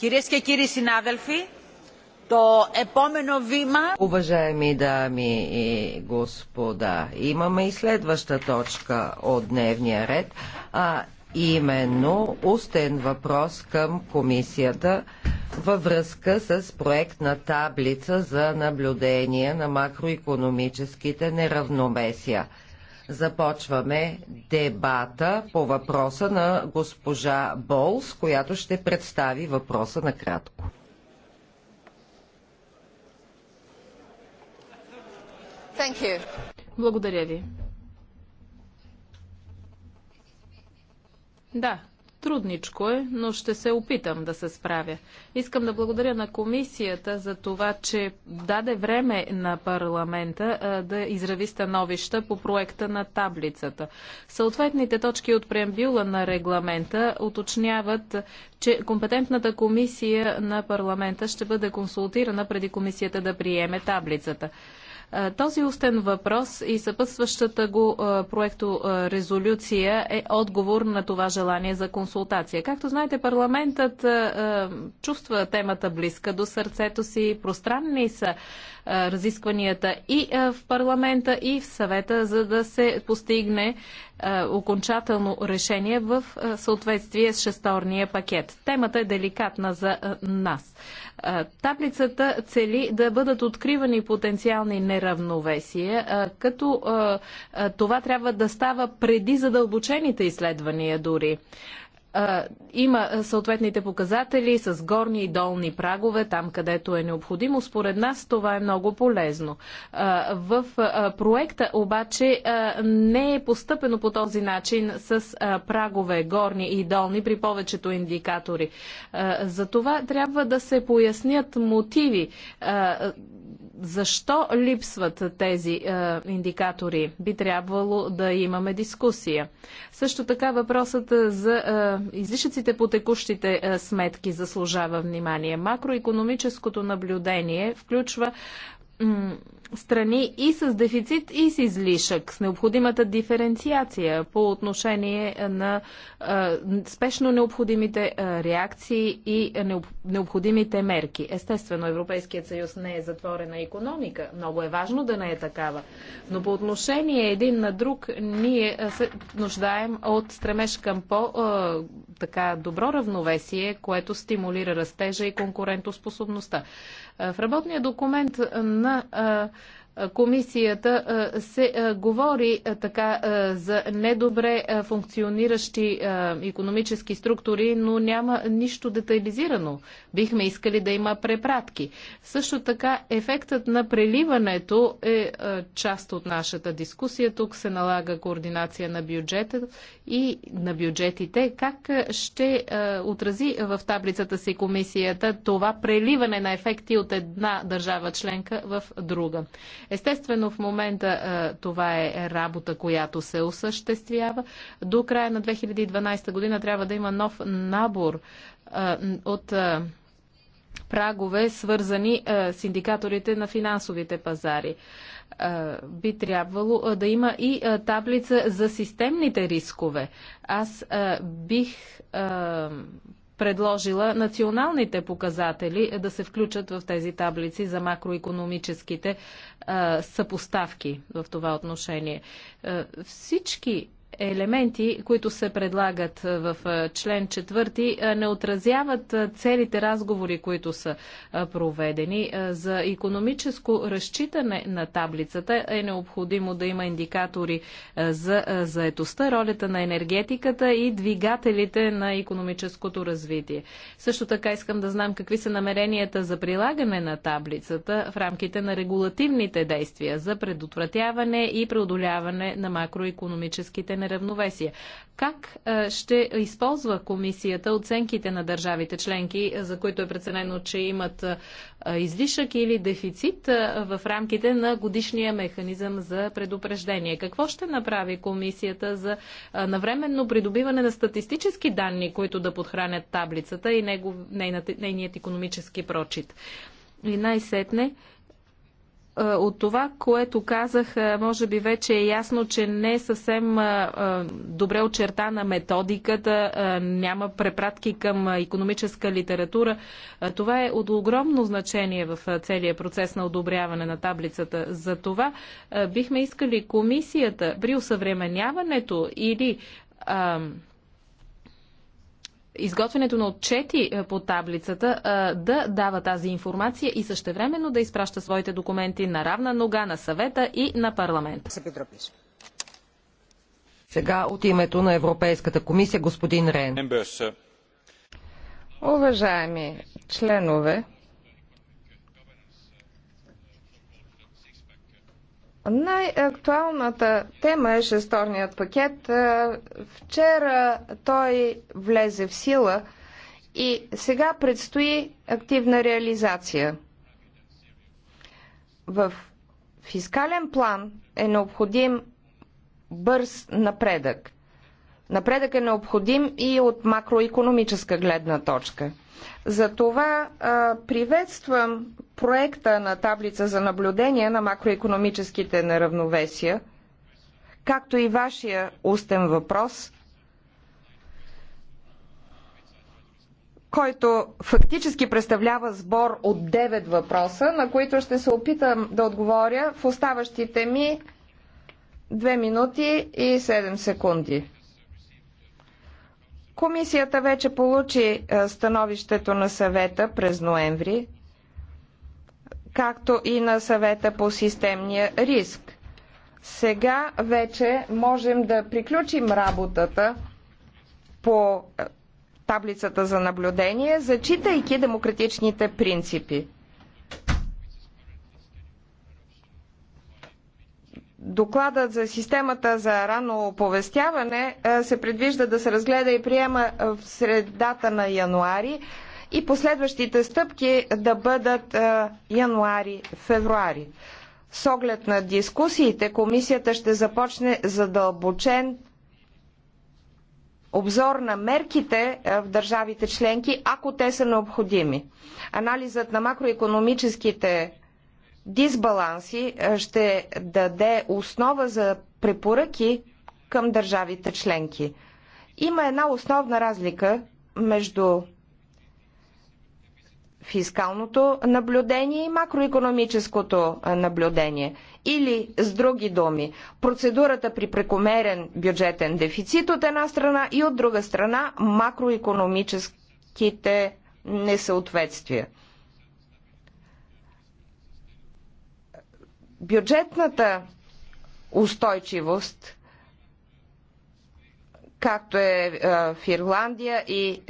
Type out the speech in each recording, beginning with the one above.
Κυρίες και κύριοι συνάδελφοι, το επόμενο βήμα... Уважаеми дами и господа, имаме и следваща точка от дневния ред, а именно устен въпрос към комисията във връзка с проектна таблица за наблюдение на макроекономическите неравномесия. Започваме дебата по въпроса на госпожа Болс, която ще представи въпроса накратко. Благодаря ви. Да, Трудничко е, но ще се опитам да се справя. Искам да благодаря на комисията за това, че даде време на парламента а, да израви становища по проекта на таблицата. Съответните точки от преамбюла на регламента уточняват, че компетентната комисия на парламента ще бъде консултирана преди комисията да приеме таблицата. Е, този устен въпрос и съпътстващата го е, проекто е, резолюция е отговор на това желание за консултация. Както знаете, парламентът чувства темата близка до сърцето си, пространни са разискванията и в парламента, и в съвета, за да се постигне окончателно решение в съответствие с шесторния пакет. Темата е деликатна за нас. Таблицата цели да бъдат откривани потенциални неравновесия, като това трябва да става преди задълбочените изследвания дори има съответните показатели с горни и долни прагове, там където е необходимо. Според нас това е много полезно. В проекта обаче не е постъпено по този начин с прагове горни и долни при повечето индикатори. За това трябва да се пояснят мотиви защо липсват тези е, индикатори? Би трябвало да имаме дискусия. Също така въпросът е, за е, излишъците по текущите е, сметки заслужава внимание. Макроекономическото наблюдение включва страни и с дефицит, и с излишък, с необходимата диференциация по отношение на а, спешно необходимите а, реакции и необ, необходимите мерки. Естествено, Европейският съюз не е затворена економика. Много е важно да не е такава. Но по отношение един на друг, ние се нуждаем от стремеж към по-добро равновесие, което стимулира растежа и конкурентоспособността. Е, в работния документ на е, комисията се говори така за недобре функциониращи економически структури, но няма нищо детайлизирано. Бихме искали да има препратки. Също така ефектът на преливането е част от нашата дискусия. Тук се налага координация на бюджета и на бюджетите. Как ще отрази в таблицата си комисията това преливане на ефекти от една държава членка в друга? Естествено, в момента е, това е работа, която се осъществява. До края на 2012 година трябва да има нов набор е, от е, прагове, свързани с индикаторите на финансовите пазари. Би трябвало да има и таблица за системните рискове. Аз бих предложила националните показатели е да се включат в тези таблици за макроекономическите съпоставки в това отношение. Всички елементи, които се предлагат в член 4, не отразяват целите разговори, които са проведени. За економическо разчитане на таблицата е необходимо да има индикатори за заетостта, ролята на енергетиката и двигателите на економическото развитие. Също така искам да знам какви са намеренията за прилагане на таблицата в рамките на регулативните действия за предотвратяване и преодоляване на макроекономическите неравновесия. Как е, ще използва комисията оценките на държавите членки, е, за които е преценено, че имат е, излишък или дефицит в рамките на годишния механизъм за предупреждение? Какво ще направи комисията за навременно придобиване на статистически данни, които да подхранят таблицата и нейният економически прочит? И най-сетне, е, от това, което казах, е, може би вече е ясно, че не е съвсем е, добре очертана методиката, няма препратки към економическа литература. Това е от огромно значение в целия процес на одобряване на таблицата. За това бихме искали комисията при усъвременяването или изготвянето на отчети е, по таблицата е, да дава тази информация и същевременно да изпраща своите документи на равна нога на съвета и на парламент. Сега от името на Европейската комисия господин Рен. Е, Уважаеми членове, Най-актуалната тема е шесторният пакет. Е, вчера той влезе в сила и сега предстои активна реализация. В фискален план е необходим бърз напредък. Напредък е необходим и от макроекономическа гледна точка. Затова приветствам проекта на таблица за наблюдение на макроекономическите неравновесия, както и вашия устен въпрос, който фактически представлява сбор от 9 въпроса, на които ще се опитам да отговоря в оставащите ми 2 минути и 7 секунди. Комисията вече получи становището на съвета през ноември както и на съвета по системния риск. Сега вече можем да приключим работата по е, таблицата за наблюдение, зачитайки демократичните принципи. Докладът за системата за рано оповестяване е, се предвижда да се разгледа и приема е, в средата на януари и последващите стъпки да бъдат януари-февруари. С оглед на дискусиите, комисията ще започне задълбочен обзор на мерките в държавите членки, ако те са необходими. Анализът на макроекономическите дисбаланси ще даде основа за препоръки към държавите членки. Има една основна разлика между фискалното наблюдение и макроекономическото наблюдение. Или, с други думи, процедурата при прекомерен бюджетен дефицит от една страна и от друга страна макроекономическите несъответствия. Бюджетната устойчивост, както е в Ирландия и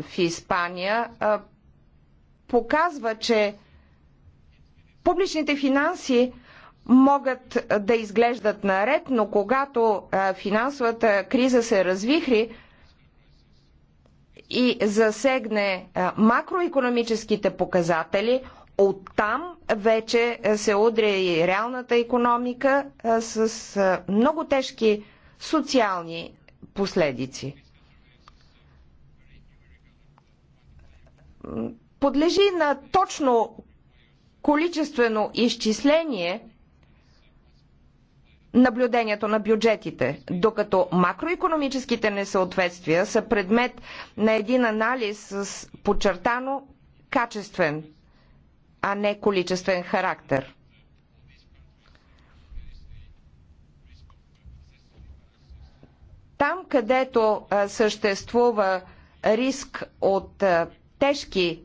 в Испания, показва, че публичните финанси могат да изглеждат наред, но когато финансовата криза се развихри и засегне макроекономическите показатели, оттам вече се удря и реалната економика с много тежки социални последици подлежи на точно количествено изчисление наблюдението на бюджетите, докато макроекономическите несъответствия са предмет на един анализ с подчертано качествен, а не количествен характер. Там, където съществува риск от тежки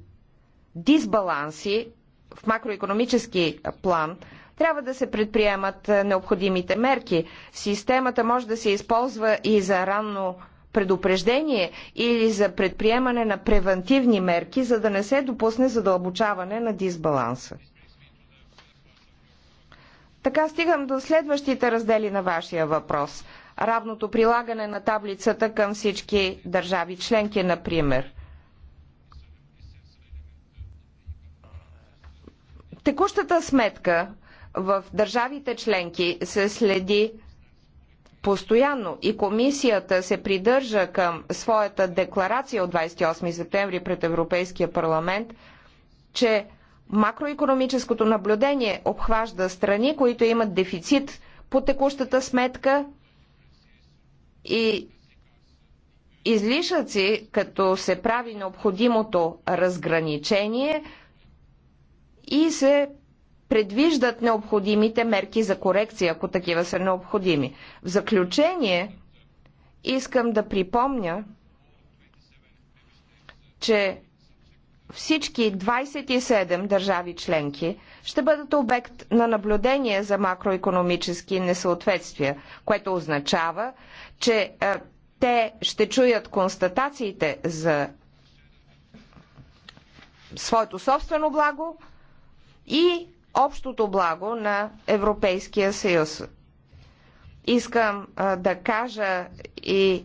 дисбаланси в макроекономически план, трябва да се предприемат е, необходимите мерки. Системата може да се използва и за ранно предупреждение или за предприемане на превентивни мерки, за да не се допусне задълбочаване на дисбаланса. Така стигам до следващите раздели на вашия въпрос. Равното прилагане на таблицата към всички държави членки, например – текущата сметка в държавите членки се следи постоянно и комисията се придържа към своята декларация от 28 септември пред Европейския парламент, че макроекономическото наблюдение обхважда страни, които имат дефицит по текущата сметка и излишъци, като се прави необходимото разграничение – и се предвиждат необходимите мерки за корекция, ако такива са необходими. В заключение, искам да припомня, че всички 27 държави членки ще бъдат обект на наблюдение за макроекономически несъответствия, което означава, че е, те ще чуят констатациите за своето собствено благо и общото благо на Европейския съюз. Искам а, да кажа и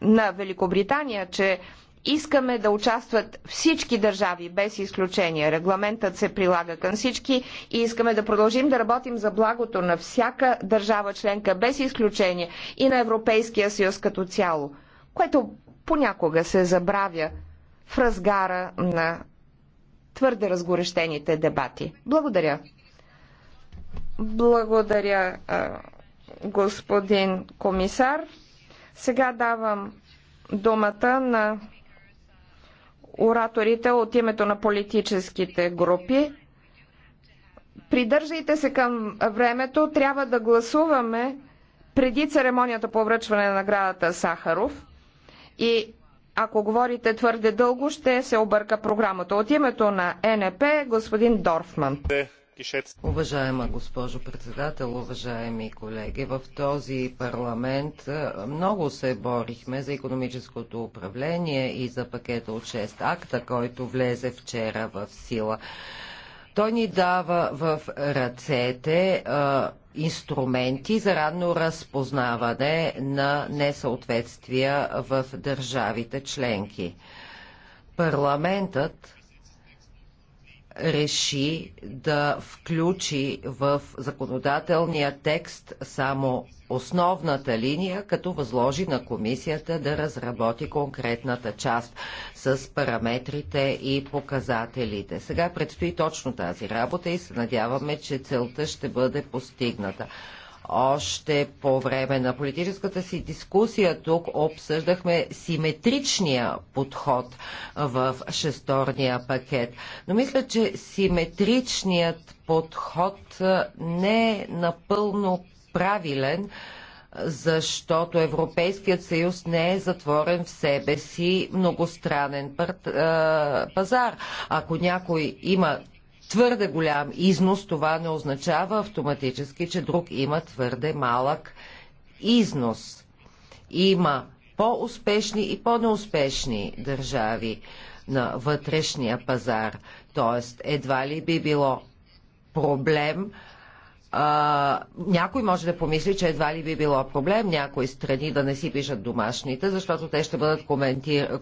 на Великобритания, че искаме да участват всички държави, без изключение. Регламентът се прилага към всички и искаме да продължим да работим за благото на всяка държава членка, без изключение и на Европейския съюз като цяло, което понякога се забравя в разгара на твърде разгорещените дебати. Благодаря. Благодаря, господин комисар. Сега давам думата на ораторите от името на политическите групи. Придържайте се към времето. Трябва да гласуваме преди церемонията по връчване на наградата Сахаров. И ако говорите твърде дълго, ще се обърка програмата. От името на НП, господин Дорфман. Уважаема госпожо председател, уважаеми колеги, в този парламент много се борихме за економическото управление и за пакета от 6 акта, който влезе вчера в сила. Той ни дава в ръцете а, инструменти за ранно разпознаване на несъответствия в държавите членки. Парламентът реши да включи в законодателния текст само основната линия, като възложи на комисията да разработи конкретната част с параметрите и показателите. Сега предстои точно тази работа и се надяваме, че целта ще бъде постигната. Още по време на политическата си дискусия тук обсъждахме симетричния подход в шесторния пакет. Но мисля, че симетричният подход не е напълно правилен, защото Европейският съюз не е затворен в себе си многостранен пазар. Ако някой има твърде голям износ, това не означава автоматически, че друг има твърде малък износ. Има по-успешни и по-неуспешни държави на вътрешния пазар. Тоест, едва ли би било проблем. А, някой може да помисли, че едва ли би било проблем някои страни да не си пишат домашните, защото те ще бъдат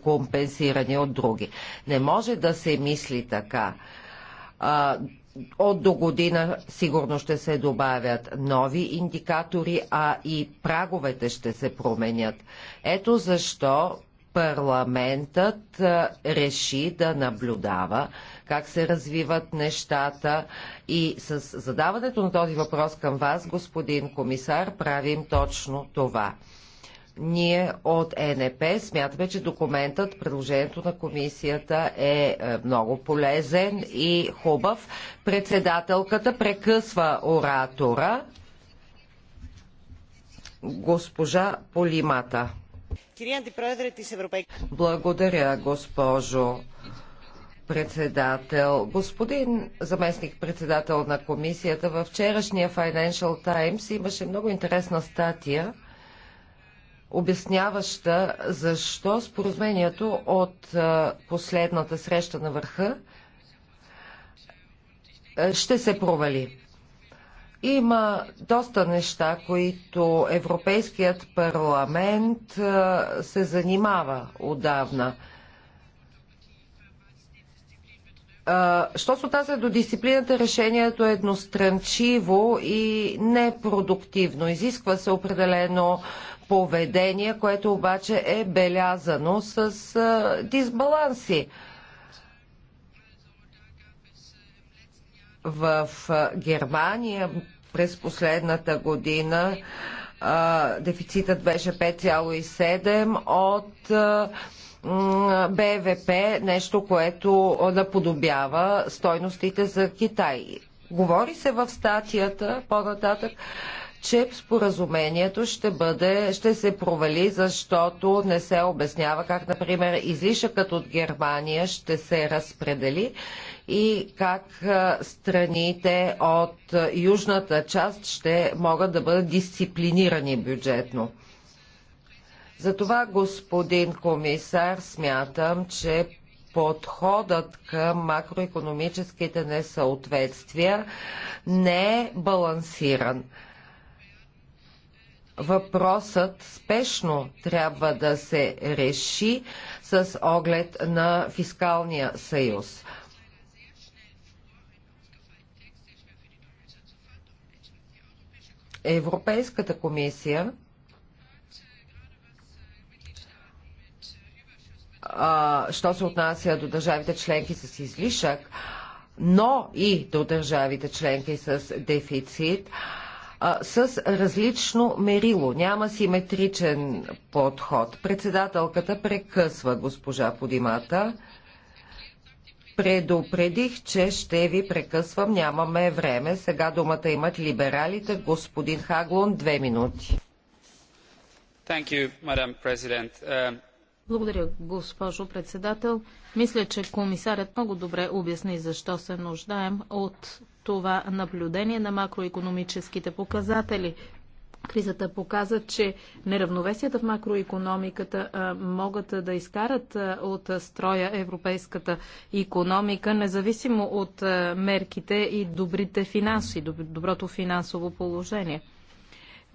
компенсирани от други. Не може да се мисли така. А, от до година сигурно ще се добавят нови индикатори, а и праговете ще се променят. Ето защо парламентът реши да наблюдава как се развиват нещата и с задаването на този въпрос към вас, господин комисар, правим точно това. Ние от ЕНП смятаме, че документът, предложението на комисията е, е много полезен и хубав. Председателката прекъсва оратора госпожа Полимата. Благодаря, госпожо председател. Господин заместник председател на комисията, във вчерашния Financial Times имаше много интересна статия обясняваща защо споразумението от последната среща на върха ще се провали. Има доста неща, които Европейският парламент се занимава отдавна – Що се отнася до дисциплината, решението е едностранчиво и непродуктивно. Изисква се определено поведение, което обаче е белязано с дисбаланси. В Германия през последната година дефицитът беше 5,7 от БВП, е нещо, което наподобява стойностите за Китай. Говори се в статията по-нататък, че споразумението ще, бъде, ще се провали, защото не се обяснява как, например, излишъкът от Германия ще се разпредели и как страните от южната част ще могат да бъдат дисциплинирани бюджетно. Затова, господин комисар, смятам, че подходът към макроекономическите несъответствия не е балансиран. Въпросът спешно трябва да се реши с оглед на фискалния съюз. Европейската комисия що се отнася до държавите членки с излишък, но и до държавите членки с дефицит, а, с различно мерило. Няма симетричен подход. Председателката прекъсва госпожа Подимата. Предупредих, че ще ви прекъсвам. Нямаме време. Сега думата имат либералите. Господин Хаглон, две минути. Thank you, Madam President. Uh... Благодаря, госпожо председател. Мисля, че комисарят много добре обясни защо се нуждаем от това наблюдение на макроекономическите показатели. Кризата показа, че неравновесията в макроекономиката могат да изкарат от строя европейската економика, независимо от мерките и добрите финанси, доброто финансово положение.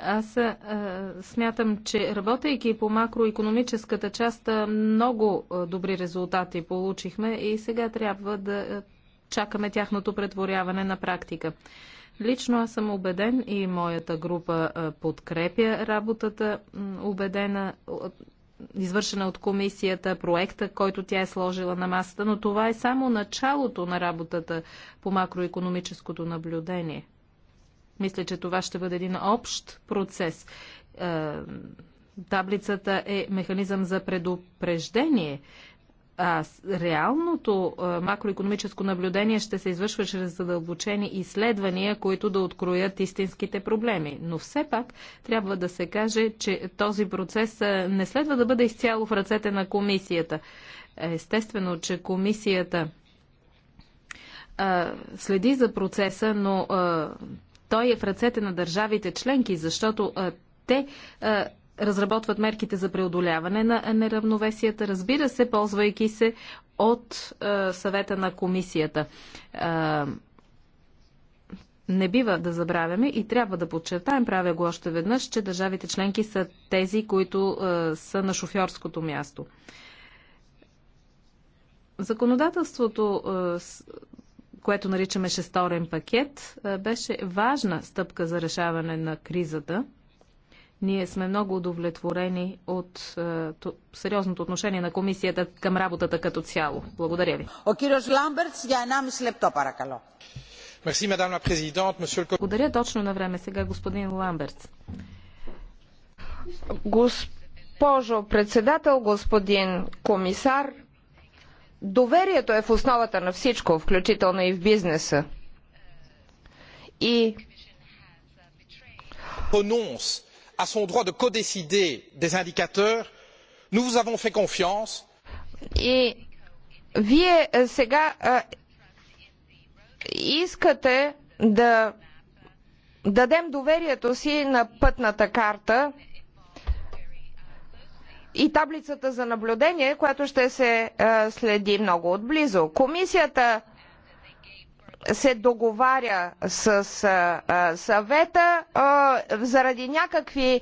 Аз а, смятам, че работейки по макроекономическата част, много добри резултати получихме и сега трябва да чакаме тяхното претворяване на практика. Лично аз съм убеден и моята група подкрепя работата, убедена, извършена от комисията, проекта, който тя е сложила на масата, но това е само началото на работата по макроекономическото наблюдение. Мисля, че това ще бъде един общ процес. Е, таблицата е механизъм за предупреждение. А реалното е, макроекономическо наблюдение ще се извършва чрез задълбочени изследвания, които да откроят истинските проблеми. Но все пак трябва да се каже, че този процес е, не следва да бъде изцяло в ръцете на комисията. Естествено, че комисията следи за процеса, но той е в ръцете на държавите членки, защото те разработват мерките за преодоляване на неравновесията, разбира се, ползвайки се от съвета на комисията. Не бива да забравяме и трябва да подчертаем, правя го още веднъж, че държавите членки са тези, които а, са на шофьорското място. Законодателството е, което наричаме шесторен пакет, беше важна стъпка за решаване на кризата. Ние сме много удовлетворени от то, сериозното отношение на комисията към работата като цяло. Благодаря ви. О, кирос Ламбертс, за една лепто, паракало. Мерси, мадам ла президент, месье... Благодаря точно на време сега, господин Ламбертс. Госпожо председател, господин комисар, Доверието е в основата на всичко, включително и в бизнеса. И à son droit de des indicateurs, nous vous avons fait confiance. И вие е, сега а, е, искате да дадем доверието си на пътната карта и таблицата за наблюдение, която ще се е, следи много отблизо. Комисията се договаря с е, е, съвета заради някакви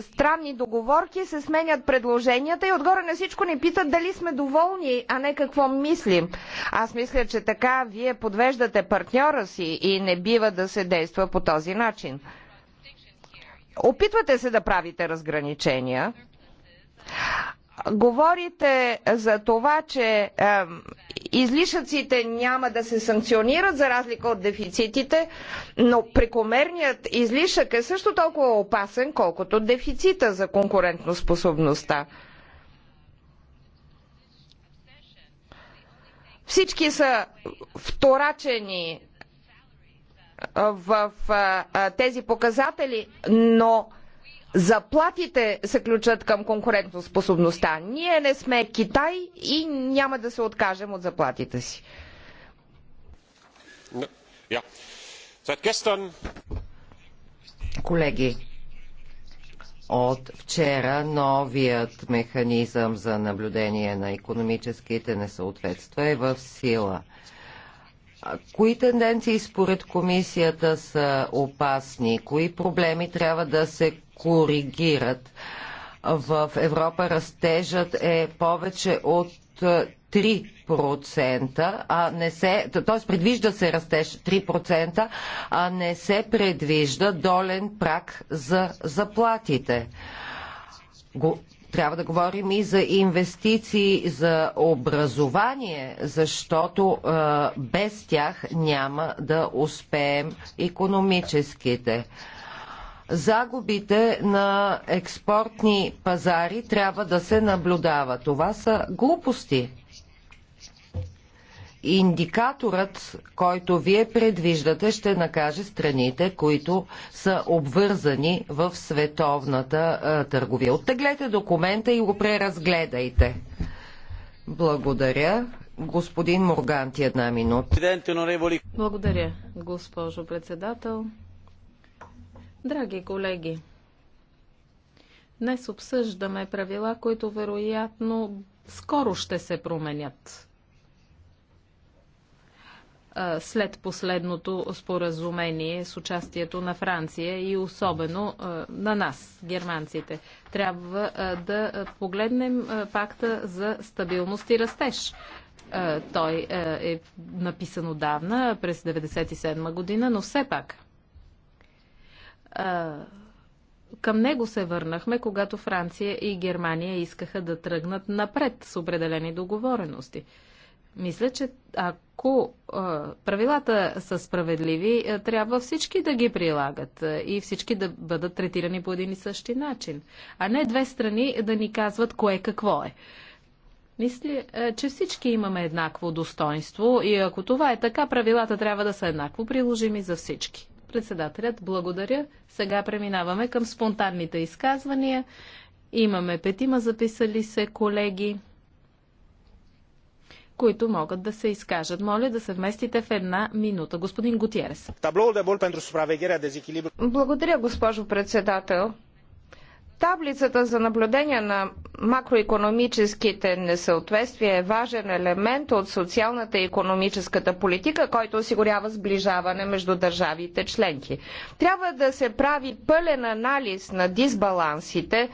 странни договорки се сменят предложенията и отгоре на всичко ни питат дали сме доволни, а не какво мислим. Аз мисля, че така вие подвеждате партньора си и не бива да се действа по този начин. Опитвате се да правите разграничения Говорите за това, че е, излишъците няма да се санкционират за разлика от дефицитите, но прекомерният излишък е също толкова опасен, колкото дефицита за конкурентоспособността. Всички са вторачени е, в е, тези показатели, но заплатите се ключат към конкурентоспособността. Ние не сме Китай и няма да се откажем от заплатите си. Колеги, от вчера новият механизъм за наблюдение на економическите несъответства е в сила. Кои тенденции според комисията са опасни? Кои проблеми трябва да се коригират? В Европа растежът е повече от 3%, а не се, т.е. предвижда се растеж 3%, а не се предвижда долен прак за заплатите. Трябва да говорим и за инвестиции за образование, защото а, без тях няма да успеем економическите загубите на експортни пазари трябва да се наблюдава. Това са глупости индикаторът, който вие предвиждате, ще накаже страните, които са обвързани в световната а, търговия. Оттеглете документа и го преразгледайте. Благодаря. Господин Морганти, една минута. Благодаря, госпожо председател. Драги колеги, днес обсъждаме правила, които вероятно скоро ще се променят след последното споразумение с участието на Франция и особено на нас, германците. Трябва да погледнем пакта за стабилност и растеж. Той е написан отдавна, през 1997 година, но все пак към него се върнахме, когато Франция и Германия искаха да тръгнат напред с определени договорености. Мисля, че ако правилата са справедливи, трябва всички да ги прилагат и всички да бъдат третирани по един и същи начин, а не две страни да ни казват кое какво е. Мисля, че всички имаме еднакво достоинство и ако това е така, правилата трябва да са еднакво приложими за всички. Председателят, благодаря. Сега преминаваме към спонтанните изказвания. Имаме петима записали се колеги които могат да се изкажат. Моля да се вместите в една минута. Господин Гутиерес. Благодаря, госпожо председател. Таблицата за наблюдение на макроекономическите несъответствия е важен елемент от социалната и економическата политика, който осигурява сближаване между държавите членки. Трябва да се прави пълен анализ на дисбалансите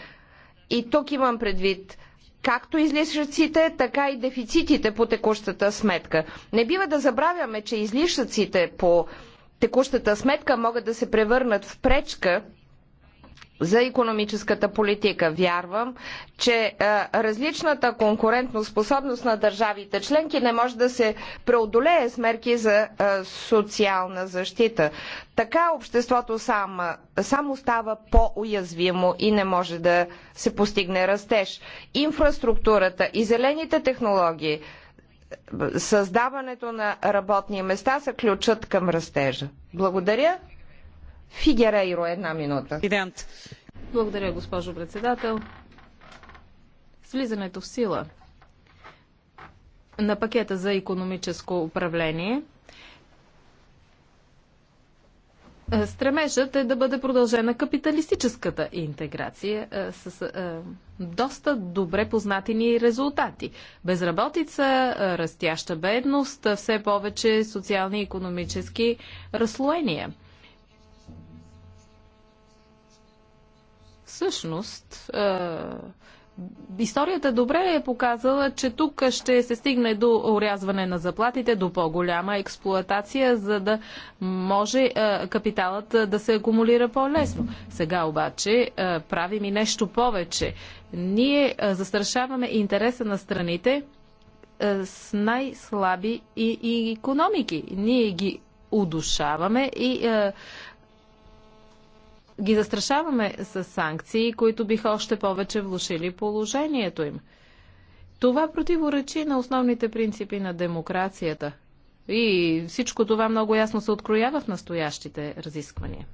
и тук имам предвид както излишъците, така и дефицитите по текущата сметка. Не бива да забравяме, че излишъците по текущата сметка могат да се превърнат в пречка за економическата политика. Вярвам, че различната конкурентно способност на държавите членки не може да се преодолее с мерки за социална защита. Така обществото само, само става по-уязвимо и не може да се постигне растеж. Инфраструктурата и зелените технологии, създаването на работни места са ключът към растежа. Благодаря. Фигерейро, една минута. Благодаря, госпожо председател. С влизането в сила на пакета за економическо управление, е, Стремежът е да бъде продължена капиталистическата интеграция е, с е, доста добре познати ни резултати. Безработица, растяща бедност, все повече социални и економически разслоения – Всъщност, историята добре е показала, че тук ще се стигне до урязване на заплатите, до по-голяма експлуатация, за да може капиталът да се акумулира по-лесно. Сега обаче правим и нещо повече. Ние застрашаваме интереса на страните с най-слаби и, економики. Ние ги удушаваме и ги застрашаваме с санкции, които биха още повече влушили положението им. Това противоречи на основните принципи на демокрацията. И всичко това много ясно се откроява в настоящите разисквания.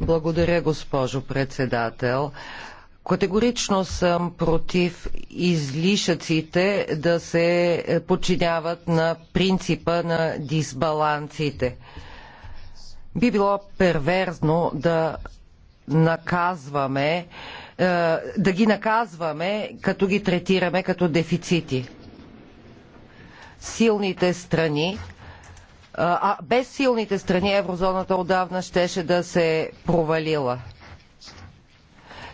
Благодаря, госпожо председател. Категорично съм против излишъците да се подчиняват на принципа на дисбалансите. Би било перверзно да наказваме, е, да ги наказваме, като ги третираме като дефицити. Силните страни е, а без силните страни еврозоната отдавна щеше да се провалила.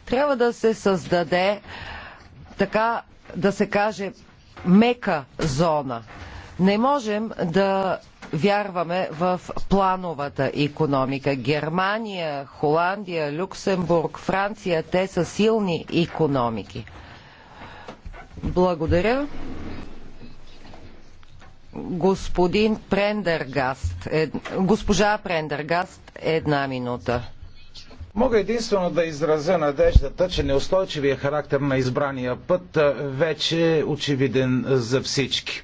Трябва да се създаде така да се каже мека зона. Не можем да вярваме в плановата економика. Германия, Холандия, Люксембург, Франция, те са силни економики. Благодаря. Господин Прендергаст, ед... госпожа Прендергаст, една минута. Мога единствено да изразя надеждата, че неустойчивия характер на избрания път вече е очевиден за всички.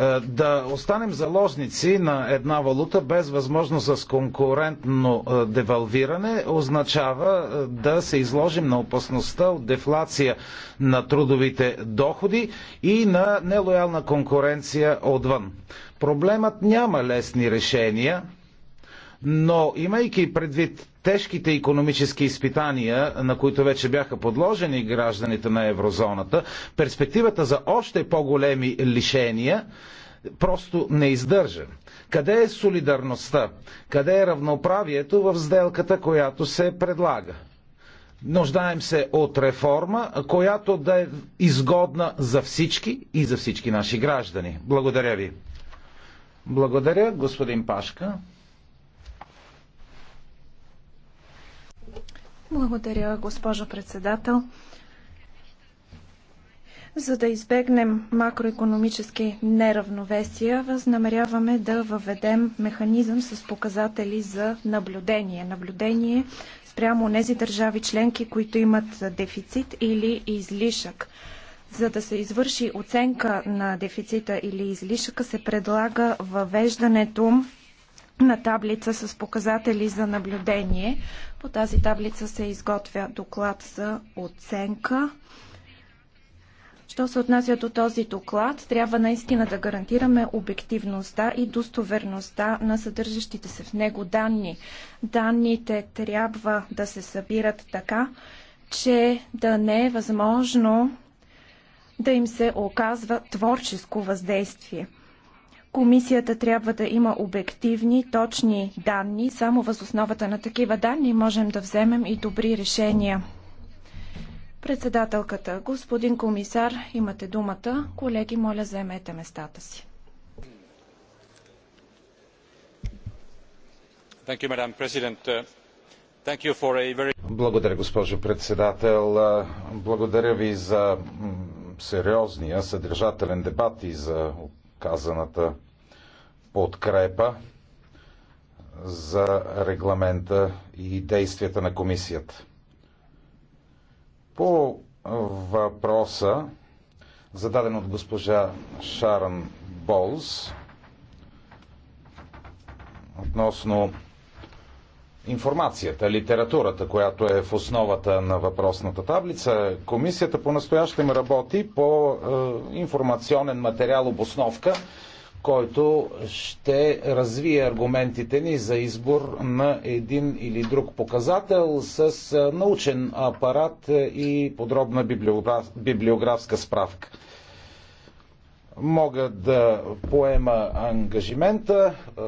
Е, да останем заложници на една валута без възможност с конкурентно е, девалвиране означава е, да се изложим на опасността от дефлация на трудовите доходи и на нелоялна конкуренция отвън. Проблемът няма лесни решения, но имайки предвид тежките економически изпитания, на които вече бяха подложени гражданите на еврозоната, перспективата за още по-големи лишения просто не издържа. Къде е солидарността? Къде е равноправието в сделката, която се предлага? Нуждаем се от реформа, която да е изгодна за всички и за всички наши граждани. Благодаря ви. Благодаря, господин Пашка. Благодаря, госпожо председател. За да избегнем макроекономически неравновесия, възнамеряваме да въведем механизъм с показатели за наблюдение. Наблюдение спрямо тези държави членки, които имат дефицит или излишък. За да се извърши оценка на дефицита или излишъка, се предлага въвеждането на таблица с показатели за наблюдение. По тази таблица се изготвя доклад за оценка. Що се отнася до този доклад, трябва наистина да гарантираме обективността и достоверността на съдържащите се в него данни. Данните трябва да се събират така, че да не е възможно да им се оказва творческо въздействие. Комисията трябва да има обективни, точни данни. Само въз основата на такива данни можем да вземем и добри решения. Председателката, господин комисар, имате думата. Колеги, моля, заемете местата си. Благодаря, госпожо председател. Благодаря ви за сериозния, съдържателен дебат и за казаната подкрепа за регламента и действията на комисията. По въпроса, зададен от госпожа Шаран Болс, относно информацията, литературата, която е в основата на въпросната таблица. Комисията по-настоящем работи по е, информационен материал обосновка, който ще развие аргументите ни за избор на един или друг показател с е, научен апарат и подробна библиографска справка мога да поема ангажимента е,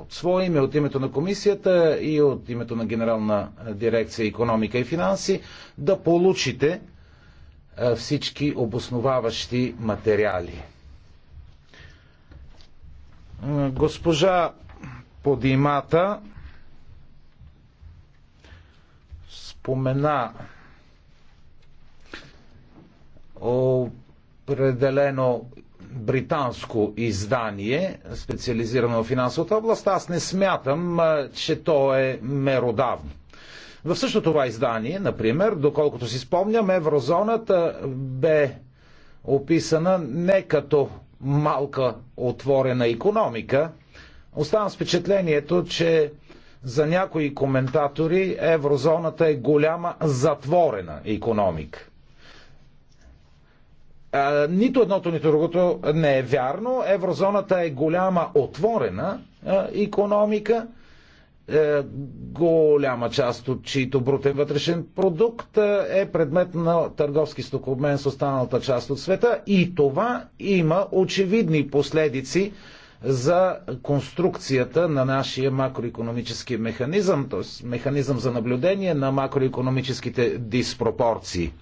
от свое име, от името на комисията и от името на Генерална дирекция економика и финанси да получите е, всички обосноваващи материали. Госпожа Подимата спомена определено британско издание, специализирано в финансовата област, аз не смятам, че то е меродавно. В същото това издание, например, доколкото си спомням, еврозоната бе описана не като малка отворена економика. Оставам с впечатлението, че за някои коментатори еврозоната е голяма затворена економика нито едното, нито другото не е вярно. Еврозоната е голяма отворена економика, е, голяма част от чието брутен вътрешен продукт е, е предмет на търговски стокобмен с останалата част от света и това има очевидни последици за конструкцията на нашия макроекономически механизъм, т.е. механизъм за наблюдение на макроекономическите диспропорции.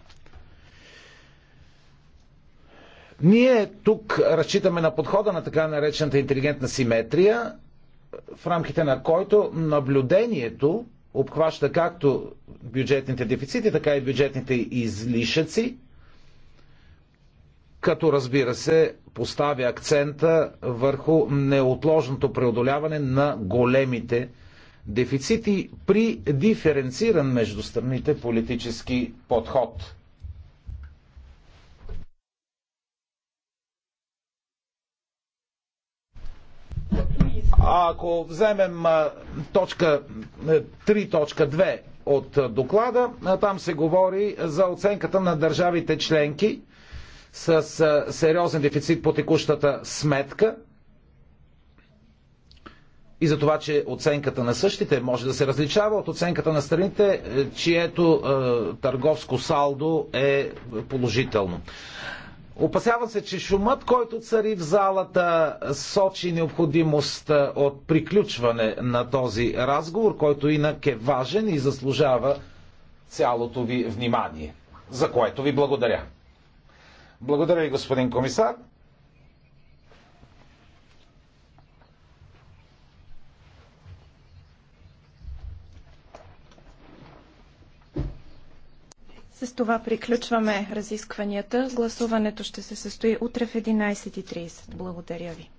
Ние тук разчитаме на подхода на така наречената интелигентна симетрия, в рамките на който наблюдението обхваща както бюджетните дефицити, така и бюджетните излишъци, като разбира се поставя акцента върху неотложното преодоляване на големите дефицити при диференциран между страните политически подход. А ако вземем точка 3.2 е, от е, доклада, там се говори за оценката на държавите членки с е, сериозен дефицит по текущата сметка и за това, че оценката на същите може да се различава от оценката на страните, чието търговско салдо е положително. Опасява се, че шумът, който цари в залата, сочи необходимост е, от приключване на този разговор, който инак е важен и заслужава цялото ви внимание, за което ви благодаря. Благодаря ви, господин комисар. С това приключваме разискванията. Гласуването ще се състои утре в 11.30. Благодаря ви.